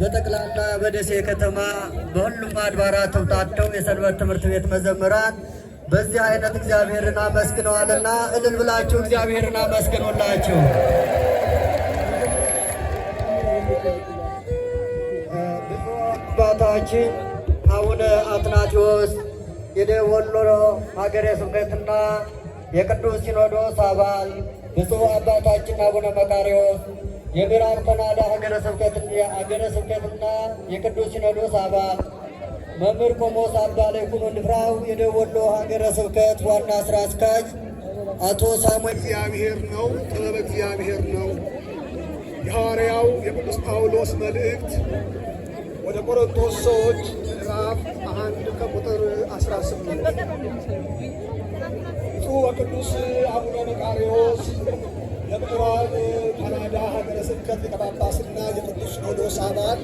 በጠቅላላ በደሴ ከተማ በሁሉም አድባራት ተውጣጥተው የሰንበት ትምህርት ቤት መዘምራን በዚህ አይነት እግዚአብሔርን አመስግነዋልና እልል ብላችሁ እግዚአብሔርን አመስግኖላችሁ ብፁዕ አባታችን አቡነ አትናቴዎስ የደቡብ ሀገረ ስብከትና የቅዱስ ሲኖዶስ አባል ብፁዕ አባታችን አቡነ መቃርዮስ የምዕራብ ካናዳ ሀገረ ስብከት ስብከትና የቅዱስ ሲኖዶስ አባል መምህር ቆሞስ አባ ላይኩኖ ንፍራው የደቡብ ወሎ ሀገረ ስብከት ዋና ስራ አስኪያጅ አቶ ሳሙኤል እግዚአብሔር ነው፣ ጥበብ እግዚአብሔር ነው። የሐዋርያው የቅዱስ ጳውሎስ መልእክት ወደ ቆሮንቶስ ሰዎች ምዕራፍ አንድ ከቁጥር 18 ብፁዕ በቅዱስ አቡነ መቃርዮስ የምዕራብ ካናዳ ሀገረ ስብከት ሊቀ ጳጳስና የቅዱስ ሲኖዶስ አባል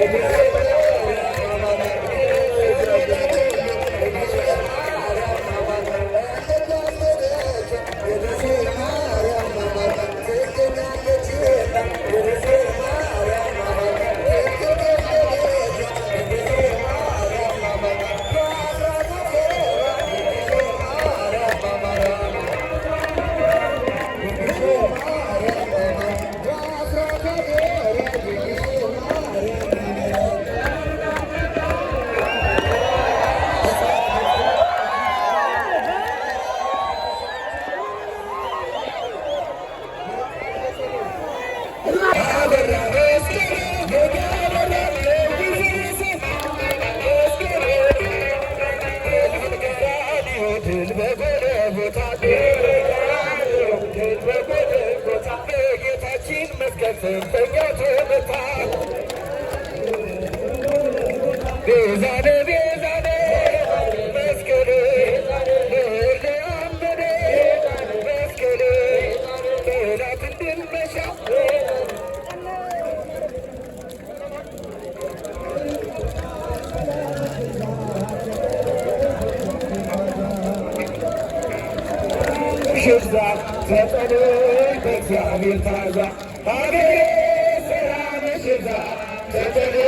Thank you. Vezane vezane Meskele Nehirde ambere Meskele Mehratın dinmeşe Şırzak Tepelir Tekamir Tarzak Haberi Selamı Şırzak Tepelir